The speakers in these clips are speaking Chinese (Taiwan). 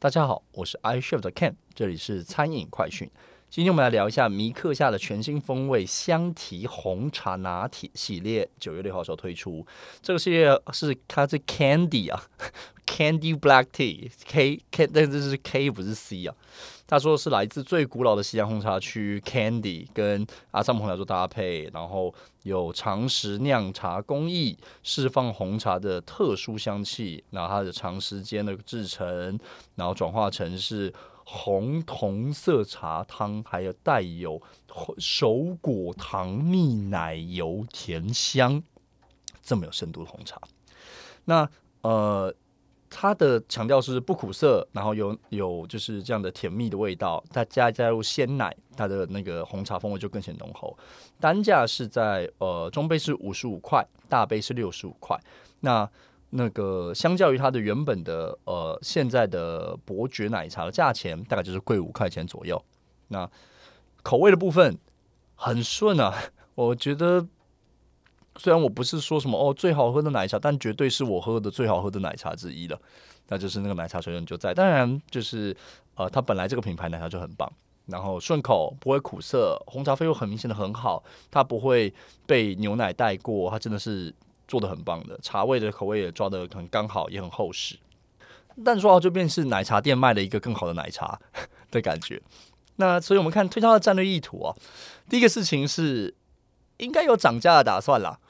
大家好，我是 iCHEF 的 Ken，這裡是餐飲快訊。今天我們來聊一下迷客夏的全新風味香緹紅茶拿鐵系列，九月六號的時候推出。這個系列是它是康緹啊。Candy Black Tea，K K，但這是 K 不是 C 啊？他說是來自最古老的錫蘭紅茶區，Candy 跟阿薩姆紅茶做搭配，然後有長時釀茶工藝，釋放紅茶的特殊香氣。那它的長時間的制成，然後轉化成是紅銅色茶湯，還有帶有熟果糖蜜奶油甜香，這麼有深度的紅茶。那呃。它的強調是不苦澀，然後有有就是這樣的甜蜜的味道。再加加入鮮奶，它的那個紅茶風味就更顯濃厚。單價是在呃中杯是五十五塊，大杯是六十五塊。那那個相較於它的原本的呃現在的伯爵奶茶的價錢，大概就是貴五塊錢左右。那口味的部分很順啊，我覺得。雖然我不是說什麼哦，最好喝的奶茶，但絕對是我喝的最好喝的奶茶之一了。那就是那個奶茶水準就在。當然就是呃，它本來這個品牌奶茶就很棒，然後順口不會苦澀，紅茶味又很明顯的很好，它不會被牛奶帶過，它真的是做得很棒的。茶味的口味也抓得很剛好，也很厚實。但說好就便是奶茶店賣了一個更好的奶茶的感覺。那所以我們看推他的戰略意圖啊，第一個事情是應該有漲價的打算啦。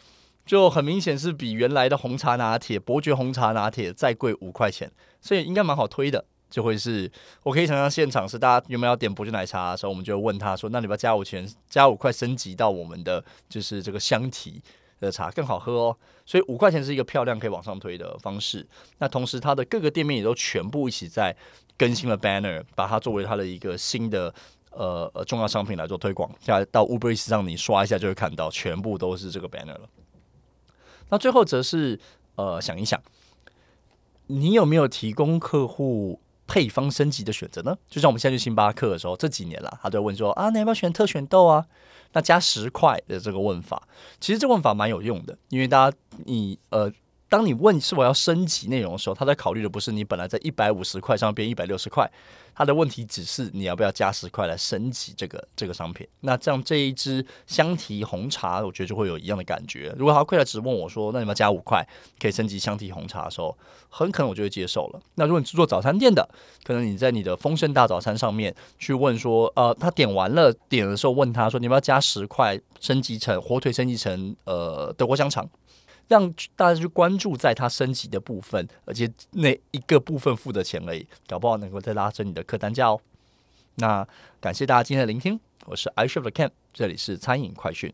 就很明顯是比原來的紅茶拿鐵、伯爵紅茶拿鐵再貴五塊錢，所以應該蠻好推的。就會是我可以想象現場是大家有沒有要點伯爵奶茶的時候，我們就問他說：“那你把加五錢，加五塊升級到我們的就是這個香緹的茶更好喝哦。”所以五塊錢是一個漂亮可以往上推的方式。那同時它的各個店面也都全部一起在更新了 banner，把它作為它的一個新的呃重要商品來做推廣。現在到 Uber Eats 上你刷一下就會看到，全部都是這個 banner 了。那最後則是，呃，想一想，你有沒有提供客戶配方升級的選擇呢？就像我們現在去星巴克的時候，這幾年了，他都會問說啊，你要不要選特選豆啊？那加十塊的這個問法，其實這問法蠻有用的，因為大家你呃。當你問是否要升級內容的時候，他在考慮的不是你本來在一百五十塊上變一百六十塊，他的問題只是你要不要加十塊來升級這個這個商品。那這樣這一支香緹紅茶，我覺得就會有一樣的感覺。如果他過來直問我說，那你要加五塊可以升級香緹紅茶的時候，很可能我就會接受了。那如果你是做早餐店的，可能你在你的豐盛大早餐上面去問說，呃，他點完了點的時候問他說，你要不要加十塊升級成火腿，升級成呃德國香腸？讓大家去關注在它升級的部分，而且那一個部分付的錢而已，搞不好能夠再拉升你的客單價哦。那感謝大家今天的聆聽，我是 iCHEF Ken，這裡是餐飲快訊。